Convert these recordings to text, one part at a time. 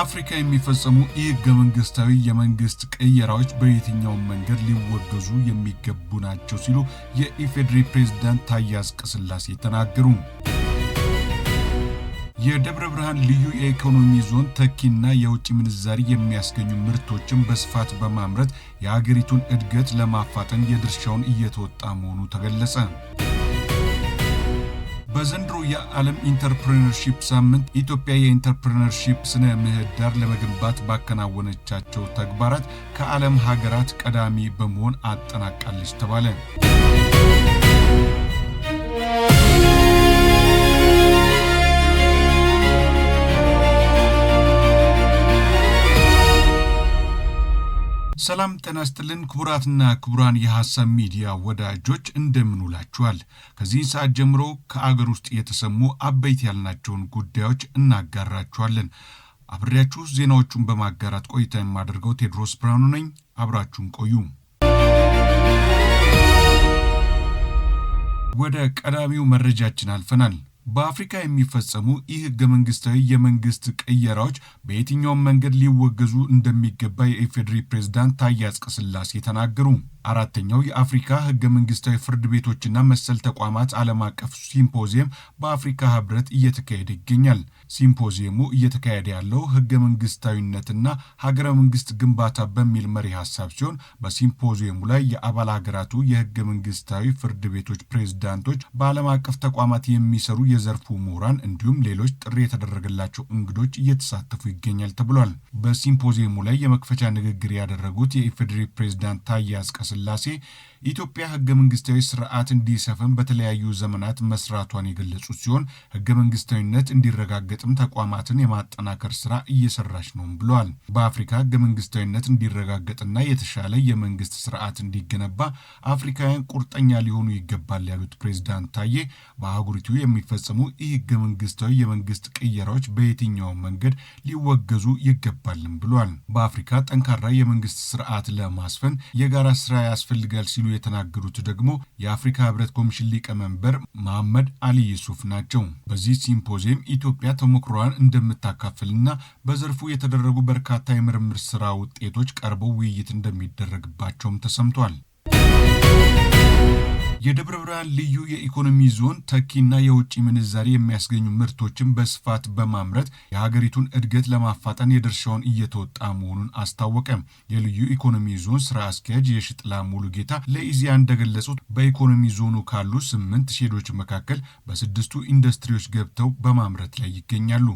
አፍሪካ የሚፈጸሙ የህገ መንግስታዊ የመንግስት ቀየራዎች በየትኛውም መንገድ ሊወገዙ የሚገቡ ናቸው ሲሉ የኢፌዴሪ ፕሬዝዳንት ታዬ አጽቀሥላሴ ተናገሩ። የደብረ ብርሃን ልዩ የኢኮኖሚ ዞን ተኪና የውጭ ምንዛሪ የሚያስገኙ ምርቶችን በስፋት በማምረት የሀገሪቱን እድገት ለማፋጠን የድርሻውን እየተወጣ መሆኑ ተገለጸ። በዘንድሮ የዓለም ኢንተርፕሪነርሺፕ ሳምንት ኢትዮጵያ የኢንተርፕሪነርሺፕ ስነ ምህዳር ለመገንባት ባከናወነቻቸው ተግባራት ከዓለም ሀገራት ቀዳሚ በመሆን አጠናቃለች ተባለ። ሰላም ጤና ክቡራትና ክቡራን የሐሳብ ሚዲያ ወዳጆች እንደምንውላችኋል። ከዚህ ሰዓት ጀምሮ ከአገር ውስጥ የተሰሙ አበይት ያልናቸውን ጉዳዮች እናጋራችኋለን። አብሬያችሁ ዜናዎቹን በማጋራት ቆይታ የማደርገው ቴድሮስ ብርሃኑ ነኝ። አብራችሁን ቆዩ። ወደ ቀዳሚው መረጃችን አልፈናል። በአፍሪካ የሚፈጸሙ ኢ ህገ መንግስታዊ የመንግስት ቅየራዎች በየትኛውም መንገድ ሊወገዙ እንደሚገባ የኢፌዴሪ ፕሬዝዳንት ታዬ አጽቀሥላሴ ተናገሩ። አራተኛው የአፍሪካ ህገ መንግስታዊ ፍርድ ቤቶችና መሰል ተቋማት ዓለም አቀፍ ሲምፖዚየም በአፍሪካ ህብረት እየተካሄደ ይገኛል። ሲምፖዚየሙ እየተካሄደ ያለው ህገ መንግስታዊነትና ሀገረ መንግስት ግንባታ በሚል መሪ ሀሳብ ሲሆን በሲምፖዚየሙ ላይ የአባል ሀገራቱ የህገ መንግስታዊ ፍርድ ቤቶች ፕሬዝዳንቶች፣ በዓለም አቀፍ ተቋማት የሚሰሩ የዘርፉ ምሁራን እንዲሁም ሌሎች ጥሪ የተደረገላቸው እንግዶች እየተሳተፉ ይገኛል ተብሏል። በሲምፖዚየሙ ላይ የመክፈቻ ንግግር ያደረጉት የኢፌዴሪ ፕሬዝዳንት ታዬ አጽቀሥላሴ የኢትዮጵያ ህገ መንግስታዊ ስርዓት እንዲሰፍን በተለያዩ ዘመናት መስራቷን የገለጹት ሲሆን ህገ መንግስታዊነት እንዲረጋገጥም ተቋማትን የማጠናከር ስራ እየሰራች ነውም ብለዋል። በአፍሪካ ህገ መንግስታዊነት እንዲረጋገጥና የተሻለ የመንግስት ስርዓት እንዲገነባ አፍሪካውያን ቁርጠኛ ሊሆኑ ይገባል ያሉት ፕሬዚዳንት ታዬ በአህጉሪቱ የሚፈጸሙ ይህ ህገ መንግስታዊ የመንግስት ቅየራዎች በየትኛውም መንገድ ሊወገዙ ይገባልም ብለዋል። በአፍሪካ ጠንካራ የመንግስት ስርዓት ለማስፈን የጋራ ስራ ያስፈልጋል ሲሉ የተናገሩት ደግሞ የአፍሪካ ህብረት ኮሚሽን ሊቀመንበር መሐመድ አሊ ዩሱፍ ናቸው። በዚህ ሲምፖዚየም ኢትዮጵያ እንደምታካፍል እንደምታካፍልና በዘርፉ የተደረጉ በርካታ የምርምር ስራ ውጤቶች ቀርበው ውይይት እንደሚደረግባቸውም ተሰምቷል። የደብረ ብርሃን ልዩ የኢኮኖሚ ዞን ተኪና የውጭ ምንዛሪ የሚያስገኙ ምርቶችን በስፋት በማምረት የሀገሪቱን እድገት ለማፋጠን የድርሻውን እየተወጣ መሆኑን አስታወቀ። የልዩ ኢኮኖሚ ዞን ስራ አስኪያጅ የሽጥላ ሙሉ ጌታ ለኢዚያ እንደገለጹት በኢኮኖሚ ዞኑ ካሉ ስምንት ሼዶች መካከል በስድስቱ ኢንዱስትሪዎች ገብተው በማምረት ላይ ይገኛሉ።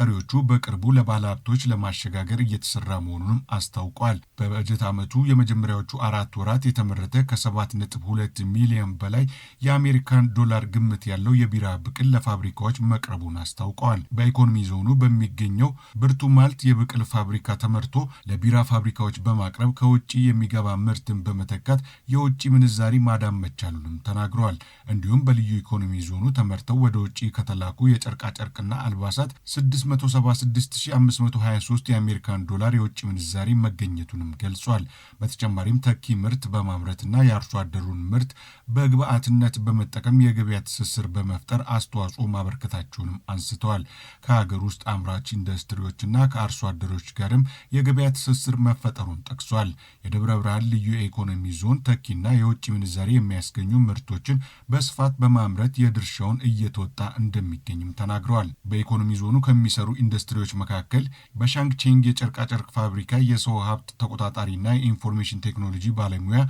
ቀሪዎቹ በቅርቡ ለባለሀብቶች ለማሸጋገር እየተሰራ መሆኑንም አስታውቋል። በበጀት ዓመቱ የመጀመሪያዎቹ አራት ወራት የተመረተ ከሰባት ነጥብ ሁለት ሚሊዮን በላይ የአሜሪካን ዶላር ግምት ያለው የቢራ ብቅል ለፋብሪካዎች መቅረቡን አስታውቀዋል። በኢኮኖሚ ዞኑ በሚገኘው ብርቱ ማልት የብቅል ፋብሪካ ተመርቶ ለቢራ ፋብሪካዎች በማቅረብ ከውጭ የሚገባ ምርትን በመተካት የውጭ ምንዛሪ ማዳን መቻሉንም ተናግረዋል። እንዲሁም በልዩ ኢኮኖሚ ዞኑ ተመርተው ወደ ውጭ ከተላኩ የጨርቃጨርቅና አልባሳት 676523 የአሜሪካን ዶላር የውጭ ምንዛሪ መገኘቱንም ገልጿል። በተጨማሪም ተኪ ምርት በማምረትና የአርሶ አደሩን ምርት በግብአትነት በመጠቀም የገበያ ትስስር በመፍጠር አስተዋጽኦ ማበርከታቸውንም አንስተዋል። ከሀገር ውስጥ አምራች ኢንዱስትሪዎችና ከአርሶ አደሮች ጋርም የገበያ ትስስር መፈጠሩን ጠቅሷል። የደብረ ብርሃን ልዩ የኢኮኖሚ ዞን ተኪና የውጭ ምንዛሬ የሚያስገኙ ምርቶችን በስፋት በማምረት የድርሻውን እየተወጣ እንደሚገኝም ተናግረዋል። በኢኮኖሚ ዞኑ ከሚሰሩ ኢንዱስትሪዎች መካከል በሻንግቼንግ የጨርቃጨርቅ ፋብሪካ የሰው ሀብት ተቆጣጣሪና የኢንፎርሜሽን ቴክኖሎጂ ባለሙያ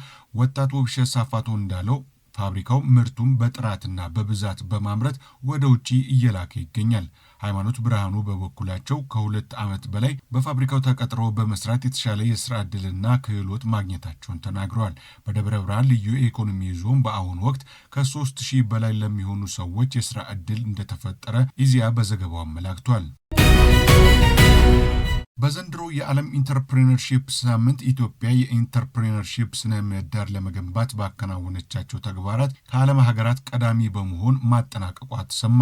ወጣት ውብሸት ሳፋቶ እንዳለው ፋብሪካው ምርቱን በጥራትና በብዛት በማምረት ወደ ውጭ እየላከ ይገኛል። ሃይማኖት ብርሃኑ በበኩላቸው ከሁለት ዓመት በላይ በፋብሪካው ተቀጥሮ በመስራት የተሻለ የስራ ዕድልና ክህሎት ማግኘታቸውን ተናግረዋል። በደብረ ብርሃን ልዩ የኢኮኖሚ ዞን በአሁኑ ወቅት ከሶስት ሺህ በላይ ለሚሆኑ ሰዎች የስራ ዕድል እንደተፈጠረ ኢዜአ በዘገባው አመላክቷል። በዘንድሮ የዓለም ኢንተርፕሬነርሺፕ ሳምንት ኢትዮጵያ የኢንተርፕሬነርሺፕ ስነ ምህዳር ለመገንባት ባከናወነቻቸው ተግባራት ከዓለም ሀገራት ቀዳሚ በመሆን ማጠናቀቋ ተሰማ።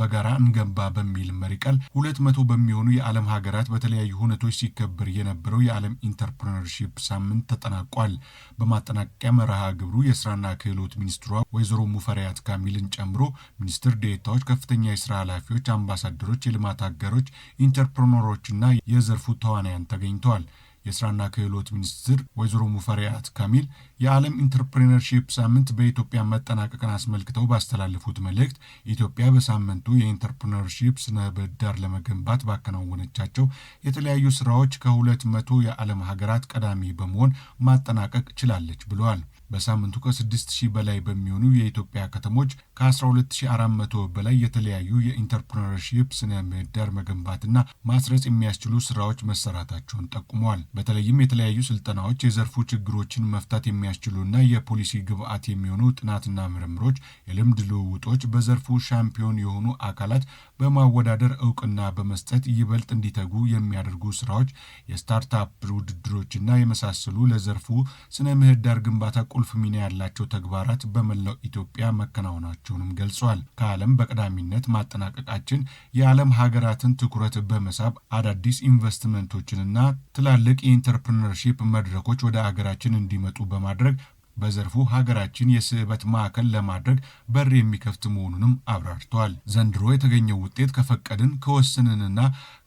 በጋራ እንገንባ በሚል መሪ ቃል ሁለት መቶ በሚሆኑ የዓለም ሀገራት በተለያዩ ሁነቶች ሲከበር የነበረው የዓለም ኢንተርፕረነርሺፕ ሳምንት ተጠናቋል። በማጠናቀቂያ መርሃ ግብሩ የስራና ክህሎት ሚኒስትሯ ወይዘሮ ሙፈሪያት ካሚልን ጨምሮ ሚኒስትር ዴታዎች ከፍተኛ የስራ ኃላፊዎች፣ አምባሳደሮች፣ የልማት አጋሮች፣ ኢንተርፕረነሮችና የዘርፉ ተዋናያን ተገኝተዋል። የስራና ክህሎት ሚኒስትር ወይዘሮ ሙፈሪያት ካሚል የዓለም ኢንተርፕሬነርሺፕ ሳምንት በኢትዮጵያ መጠናቀቅን አስመልክተው ባስተላለፉት መልእክት ኢትዮጵያ በሳምንቱ የኢንተርፕሬነርሺፕ ስነ ምህዳር ለመገንባት ባከናወነቻቸው የተለያዩ ስራዎች ከሁለት መቶ የዓለም ሀገራት ቀዳሚ በመሆን ማጠናቀቅ ችላለች ብለዋል። በሳምንቱ ከ6000 በላይ በሚሆኑ የኢትዮጵያ ከተሞች ከ12400 በላይ የተለያዩ የኢንተርፕረነርሺፕ ስነ ምህዳር መገንባትና ማስረጽ የሚያስችሉ ስራዎች መሰራታቸውን ጠቁመዋል። በተለይም የተለያዩ ስልጠናዎች የዘርፉ ችግሮችን መፍታት የሚያስችሉና የፖሊሲ ግብዓት የሚሆኑ ጥናትና ምርምሮች፣ የልምድ ልውውጦች በዘርፉ ሻምፒዮን የሆኑ አካላት በማወዳደር እውቅና በመስጠት ይበልጥ እንዲተጉ የሚያደርጉ ስራዎች፣ የስታርታፕ ውድድሮችና የመሳሰሉ ለዘርፉ ስነ ምህዳር ግንባታ ቁልፍ ሚና ያላቸው ተግባራት በመላው ኢትዮጵያ መከናወናቸውንም ገልጿል። ከዓለም በቀዳሚነት ማጠናቀቃችን የዓለም ሀገራትን ትኩረት በመሳብ አዳዲስ ኢንቨስትመንቶችንና ትላልቅ የኢንተርፕርነርሺፕ መድረኮች ወደ ሀገራችን እንዲመጡ በማድረግ በዘርፉ ሀገራችን የስዕበት ማዕከል ለማድረግ በር የሚከፍት መሆኑንም አብራርተዋል። ዘንድሮ የተገኘው ውጤት ከፈቀድን ከወሰንንና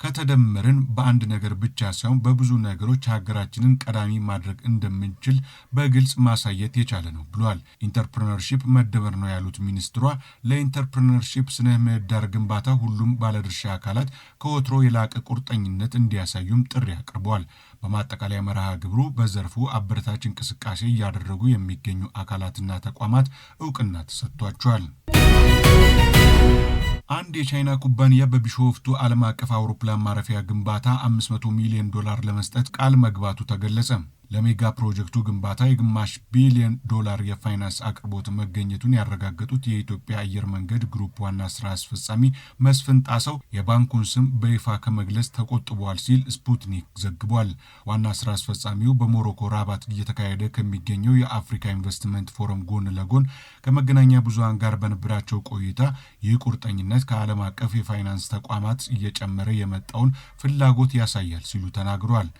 ከተደመርን በአንድ ነገር ብቻ ሳይሆን በብዙ ነገሮች ሀገራችንን ቀዳሚ ማድረግ እንደምንችል በግልጽ ማሳየት የቻለ ነው ብሏል። ኢንተርፕርነርሺፕ መደመር ነው ያሉት ሚኒስትሯ ለኢንተርፕርነርሺፕ ስነ ምህዳር ግንባታ ሁሉም ባለድርሻ አካላት ከወትሮ የላቀ ቁርጠኝነት እንዲያሳዩም ጥሪ አቅርበዋል። በማጠቃለያ መርሃ ግብሩ በዘርፉ አበረታች እንቅስቃሴ እያደረጉ የሚገኙ አካላትና ተቋማት እውቅና ተሰጥቷቸዋል። አንድ የቻይና ኩባንያ በቢሾፍቱ ዓለም አቀፍ አውሮፕላን ማረፊያ ግንባታ 500 ሚሊዮን ዶላር ለመስጠት ቃል መግባቱ ተገለጸ። ለሜጋ ፕሮጀክቱ ግንባታ የግማሽ ቢሊዮን ዶላር የፋይናንስ አቅርቦት መገኘቱን ያረጋገጡት የኢትዮጵያ አየር መንገድ ግሩፕ ዋና ስራ አስፈጻሚ መስፍን ጣሰው የባንኩን ስም በይፋ ከመግለጽ ተቆጥቧል ሲል ስፑትኒክ ዘግቧል። ዋና ስራ አስፈጻሚው በሞሮኮ ራባት እየተካሄደ ከሚገኘው የአፍሪካ ኢንቨስትመንት ፎረም ጎን ለጎን ከመገናኛ ብዙሃን ጋር በነበራቸው ቆይታ ይህ ቁርጠኝነት ከዓለም አቀፍ የፋይናንስ ተቋማት እየጨመረ የመጣውን ፍላጎት ያሳያል ሲሉ ተናግሯል።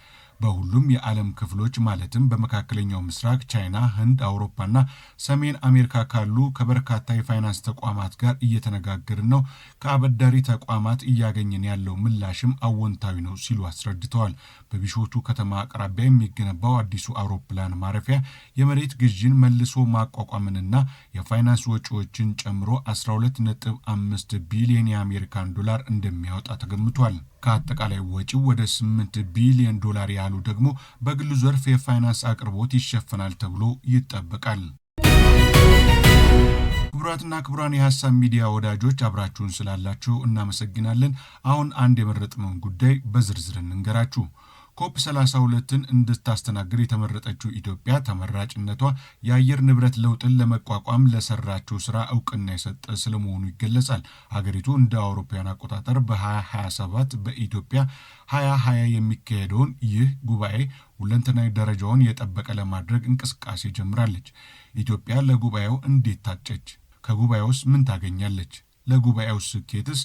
በሁሉም የዓለም ክፍሎች ማለትም በመካከለኛው ምስራቅ፣ ቻይና፣ ህንድ፣ አውሮፓና ሰሜን አሜሪካ ካሉ ከበርካታ የፋይናንስ ተቋማት ጋር እየተነጋገርን ነው። ከአበዳሪ ተቋማት እያገኘን ያለው ምላሽም አዎንታዊ ነው ሲሉ አስረድተዋል። በቢሾቱ ከተማ አቅራቢያ የሚገነባው አዲሱ አውሮፕላን ማረፊያ የመሬት ግዥን መልሶ ማቋቋምንና የፋይናንስ ወጪዎችን ጨምሮ 12.5 ቢሊዮን የአሜሪካን ዶላር እንደሚያወጣ ተገምቷል። ከአጠቃላይ ወጪው ወደ 8 ቢሊዮን ዶላር ያሉ ደግሞ በግሉ ዘርፍ የፋይናንስ አቅርቦት ይሸፈናል ተብሎ ይጠበቃል። ክቡራትና ክቡራን የሀሳብ ሚዲያ ወዳጆች አብራችሁን ስላላችሁ እናመሰግናለን። አሁን አንድ የመረጥነውን ጉዳይ በዝርዝር እንንገራችሁ። ኮፕ 32ን እንድታስተናግድ የተመረጠችው ኢትዮጵያ ተመራጭነቷ የአየር ንብረት ለውጥን ለመቋቋም ለሰራችው ስራ እውቅና የሰጠ ስለመሆኑ ይገለጻል። ሀገሪቱ እንደ አውሮፓውያን አቆጣጠር በ2027 በኢትዮጵያ 2020 የሚካሄደውን ይህ ጉባኤ ሁለንተናዊ ደረጃውን የጠበቀ ለማድረግ እንቅስቃሴ ጀምራለች። ኢትዮጵያ ለጉባኤው እንዴት ታጨች? ከጉባኤውስ ምን ታገኛለች? ለጉባኤው ስኬትስ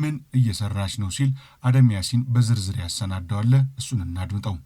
ምን እየሰራች ነው ሲል አደም ያሲን በዝርዝር ያሰናደዋለ። እሱን እናድምጠው።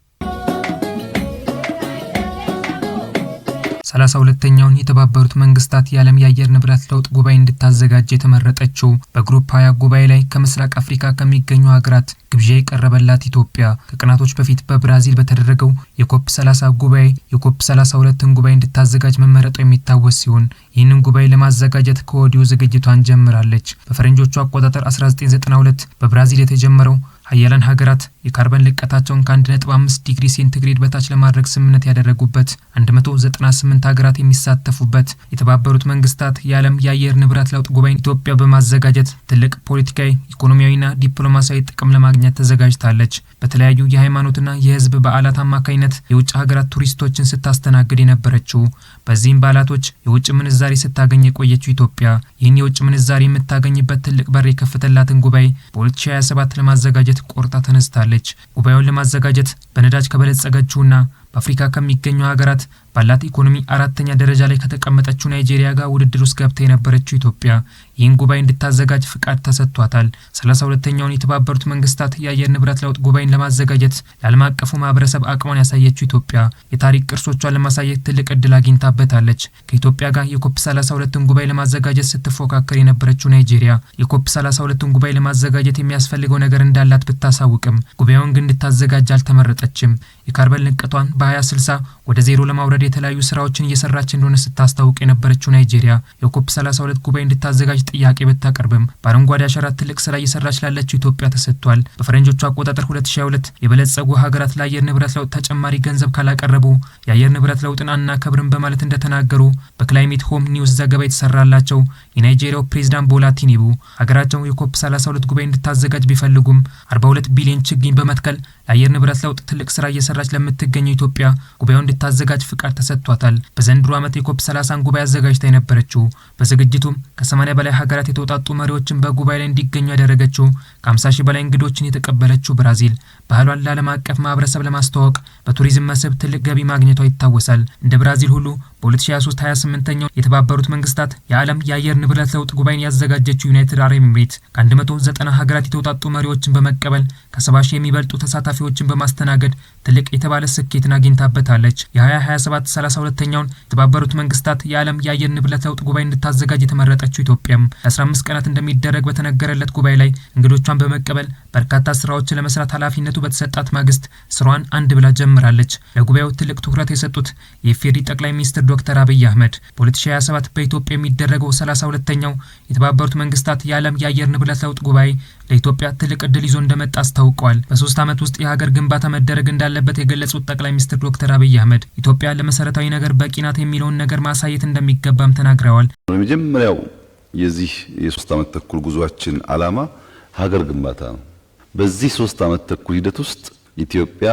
ሰላሳ ሁለተኛውን የተባበሩት መንግስታት የዓለም የአየር ንብረት ለውጥ ጉባኤ እንድታዘጋጅ የተመረጠችው በግሩፕ ሀያ ጉባኤ ላይ ከምስራቅ አፍሪካ ከሚገኙ ሀገራት ግብዣ የቀረበላት ኢትዮጵያ ከቀናቶች በፊት በብራዚል በተደረገው የኮፕ 30 ጉባኤ የኮፕ 32ን ጉባኤ እንድታዘጋጅ መመረጡ የሚታወስ ሲሆን ይህንን ጉባኤ ለማዘጋጀት ከወዲሁ ዝግጅቷን ጀምራለች። በፈረንጆቹ አቆጣጠር 1992 በብራዚል የተጀመረው ሀያላን ሀገራት የካርበን ልቀታቸውን ከ1.5 ዲግሪ ሴንቲግሬድ በታች ለማድረግ ስምምነት ያደረጉበት 198 ሀገራት የሚሳተፉበት የተባበሩት መንግስታት የዓለም የአየር ንብረት ለውጥ ጉባኤን ኢትዮጵያ በማዘጋጀት ትልቅ ፖለቲካዊ፣ ኢኮኖሚያዊና ዲፕሎማሲያዊ ጥቅም ለማግኘት ተዘጋጅታለች። በተለያዩ የሃይማኖትና የህዝብ በዓላት አማካኝነት የውጭ ሀገራት ቱሪስቶችን ስታስተናግድ የነበረችው፣ በዚህም በዓላቶች የውጭ ምንዛሬ ስታገኝ የቆየችው ኢትዮጵያ ይህን የውጭ ምንዛሬ የምታገኝበት ትልቅ በር የከፈተላትን ጉባኤ በ2027 ለማዘጋጀት ቆርጣ ተነስታል። ትገኛለች። ጉባኤውን ለማዘጋጀት በነዳጅ ከበለጸገችውና በአፍሪካ ከሚገኙ ሀገራት ባላት ኢኮኖሚ አራተኛ ደረጃ ላይ ከተቀመጠችው ናይጄሪያ ጋር ውድድር ውስጥ ገብታ የነበረችው ኢትዮጵያ ይህን ጉባኤ እንድታዘጋጅ ፍቃድ ተሰጥቷታል። ሰላሳ ሁለተኛውን የተባበሩት መንግስታት የአየር ንብረት ለውጥ ጉባኤን ለማዘጋጀት ለዓለም አቀፉ ማህበረሰብ አቅሟን ያሳየችው ኢትዮጵያ የታሪክ ቅርሶቿን ለማሳየት ትልቅ እድል አግኝታበታለች። ከኢትዮጵያ ጋር የኮፕ 32ን ጉባኤ ለማዘጋጀት ስትፎካከር የነበረችው ናይጄሪያ የኮፕ 32ን ጉባኤ ለማዘጋጀት የሚያስፈልገው ነገር እንዳላት ብታሳውቅም ጉባኤውን ግን እንድታዘጋጅ አልተመረጠችም። የካርበን ልቀቷን በ2060 ወደ ዜሮ ለማውረድ የተለያዩ ስራዎችን እየሰራች እንደሆነ ስታስታውቅ የነበረችው ናይጄሪያ የኮፕ 32 ጉባኤ እንድታዘጋጅ ጥያቄ ብታቀርብም በአረንጓዴ አሻራ ትልቅ ስራ እየሰራች ላለችው ኢትዮጵያ ተሰጥቷል። በፈረንጆቹ አቆጣጠር 2022 የበለጸጉ ሀገራት ለአየር ንብረት ለውጥ ተጨማሪ ገንዘብ ካላቀረቡ የአየር ንብረት ለውጥን አናከብርም በማለት እንደተናገሩ በክላይሜት ሆም ኒውስ ዘገባ የተሰራላቸው የናይጄሪያው ፕሬዚዳንት ቦላ ቲኒቡ ሀገራቸው የኮፕ 32 ጉባኤ እንድታዘጋጅ ቢፈልጉም 42 ቢሊዮን ችግኝ በመትከል ለአየር ንብረት ለውጥ ትልቅ ስራ እየሰራች ለምትገኘው ኢትዮጵያ ጉባኤው እንድታዘጋጅ ፍቃድ ተሰጥቷታል። በዘንድሮ ዓመት የኮፕ 30ን ጉባኤ አዘጋጅታ የነበረችው በዝግጅቱም ከ80 በላይ ሀገራት የተውጣጡ መሪዎችን በጉባኤ ላይ እንዲገኙ ያደረገችው ከ50 ሺህ በላይ እንግዶችን የተቀበለችው ብራዚል ባህሏን ለዓለም አቀፍ ማህበረሰብ ለማስተዋወቅ በቱሪዝም መስህብ ትልቅ ገቢ ማግኘቷ ይታወሳል። እንደ ብራዚል ሁሉ በ2023 28ኛው የተባበሩት መንግስታት የዓለም የአየር ንብረት ለውጥ ጉባኤን ያዘጋጀችው ዩናይትድ አረብ ኤምሬት ከ190 ሀገራት የተውጣጡ መሪዎችን በመቀበል ከ70 ሺህ የሚበልጡ ተሳታፊዎችን በማስተናገድ ትልቅ የተባለ ስኬትን አግኝታበታለች። የ2027 32ኛውን የተባበሩት መንግስታት የዓለም የአየር ንብረት ለውጥ ጉባኤ እንድታዘጋጅ የተመረጠችው ኢትዮጵያም ለ15 ቀናት እንደሚደረግ በተነገረለት ጉባኤ ላይ እንግዶቿን በመቀበል በርካታ ስራዎችን ለመስራት ኃላፊነቱ በተሰጣት ማግስት ስራዋን አንድ ብላ ጀምራለች። ለጉባኤው ትልቅ ትኩረት የሰጡት የኢፌዴሪ ጠቅላይ ሚኒስትር ዶክተር አብይ አህመድ በ2027 በኢትዮጵያ የሚደረገው 32ኛው የተባበሩት መንግስታት የዓለም የአየር ንብረት ለውጥ ጉባኤ ለኢትዮጵያ ትልቅ እድል ይዞ እንደመጣ አስታውቀዋል። በሶስት ዓመት ውስጥ የሀገር ግንባታ መደረግ እንዳለበት የገለጹት ጠቅላይ ሚኒስትር ዶክተር አብይ አህመድ ኢትዮጵያ ለመሰረታዊ ነገር በቂ ናት የሚለውን ነገር ማሳየት እንደሚገባም ተናግረዋል። የመጀመሪያው የዚህ የሶስት ዓመት ተኩል ጉዟችን ዓላማ ሀገር ግንባታ ነው። በዚህ ሶስት ዓመት ተኩል ሂደት ውስጥ ኢትዮጵያ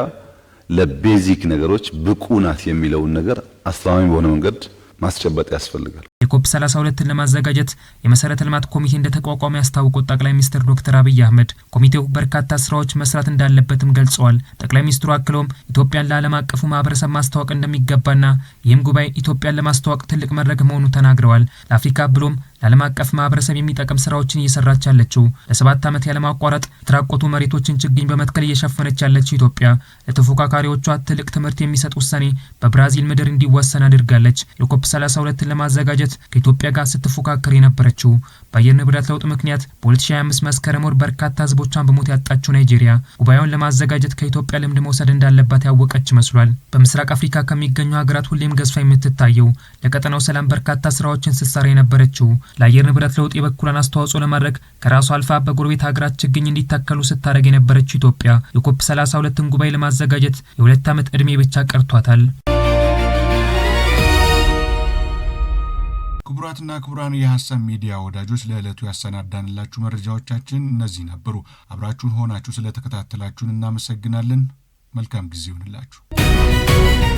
ለቤዚክ ነገሮች ብቁ ናት የሚለውን ነገር አስተማሚ በሆነ መንገድ ማስጨበጥ ያስፈልጋል። የኮፕ 32ን ለማዘጋጀት የመሰረተ ልማት ኮሚቴ እንደተቋቋመ ያስታወቁት ጠቅላይ ሚኒስትር ዶክተር አብይ አህመድ ኮሚቴው በርካታ ስራዎች መስራት እንዳለበትም ገልጸዋል። ጠቅላይ ሚኒስትሩ አክለውም ኢትዮጵያን ለዓለም አቀፉ ማህበረሰብ ማስተዋወቅ እንደሚገባና ይህም ጉባኤ ኢትዮጵያን ለማስተዋወቅ ትልቅ መድረክ መሆኑ ተናግረዋል። ለአፍሪካ ብሎም ለዓለም አቀፍ ማህበረሰብ የሚጠቅም ስራዎችን እየሰራች ያለችው ለሰባት ዓመት ያለማቋረጥ የተራቆቱ መሬቶችን ችግኝ በመትከል እየሸፈነች ያለችው ኢትዮጵያ ለተፎካካሪዎቿ ትልቅ ትምህርት የሚሰጥ ውሳኔ በብራዚል ምድር እንዲወሰን አድርጋለች። የኮፕ 32ን ለማዘጋጀት ከኢትዮጵያ ጋር ስትፎካከር የነበረችው በአየር ንብረት ለውጥ ምክንያት በ2025 መስከረም ወር በርካታ ህዝቦቿን በሞት ያጣችው ናይጄሪያ ጉባኤውን ለማዘጋጀት ከኢትዮጵያ ልምድ መውሰድ እንዳለባት ያወቀች ይመስሏል። በምስራቅ አፍሪካ ከሚገኙ ሀገራት ሁሌም ገዝፋ የምትታየው ለቀጠናው ሰላም በርካታ ስራዎችን ስትሰራ የነበረችው ለአየር ንብረት ለውጥ የበኩሏን አስተዋጽኦ ለማድረግ ከራሷ አልፋ በጎረቤት ሀገራት ችግኝ እንዲታከሉ ስታደርግ የነበረችው ኢትዮጵያ የኮፕ 32ን ጉባኤ ለማዘጋጀት የሁለት ዓመት ዕድሜ ብቻ ቀርቷታል። ክቡራትና ክቡራን የሀሳብ ሚዲያ ወዳጆች ለዕለቱ ያሰናዳንላችሁ መረጃዎቻችን እነዚህ ነበሩ። አብራችሁን ሆናችሁ ስለተከታተላችሁን እናመሰግናለን። መልካም ጊዜ ይሁንላችሁ።